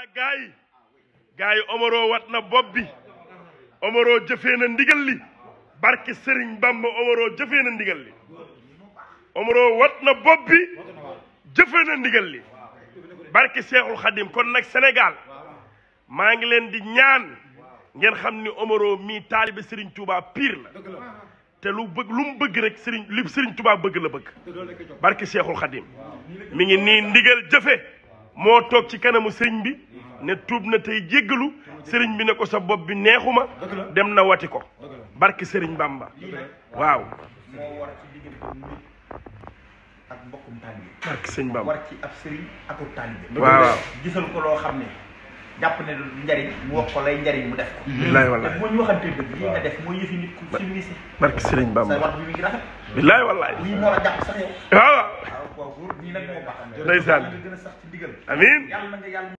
ah gars yi gars yi Omaro wat na bopp bi Omaro jëfee na ndigal li barke Serigne Bamba Omaro jëfee na ndigal li Omaro wat na bopp bi jëfee na ndigal li barke Seexul Xadim kon nag Sénégal maa ngi leen di ñaan ngeen xam ni Omaro mi taalibe Serigne Touba pire la te lu bëgg lu mu bëgg rek Serigne li bëgg la bëgg barke Seexul Xadim mi ngi nii ndigal jëfe moo toog ci kanamu sëriñ bi ne tuub na tey jéggalu sëriñ bi ne ko sa bopp bi neexuma dem na wati ko barki sëriñ Bamba waaw ak mbokkum taalibe barke sëñ Bamba war ci ab sëriñ ak ab taalibe waaw gisal ko loo xam ne jàpp ne du njariñ mu wax ko lay njariñ mu def ko billaay wallaay moo waaw lay sànni amiin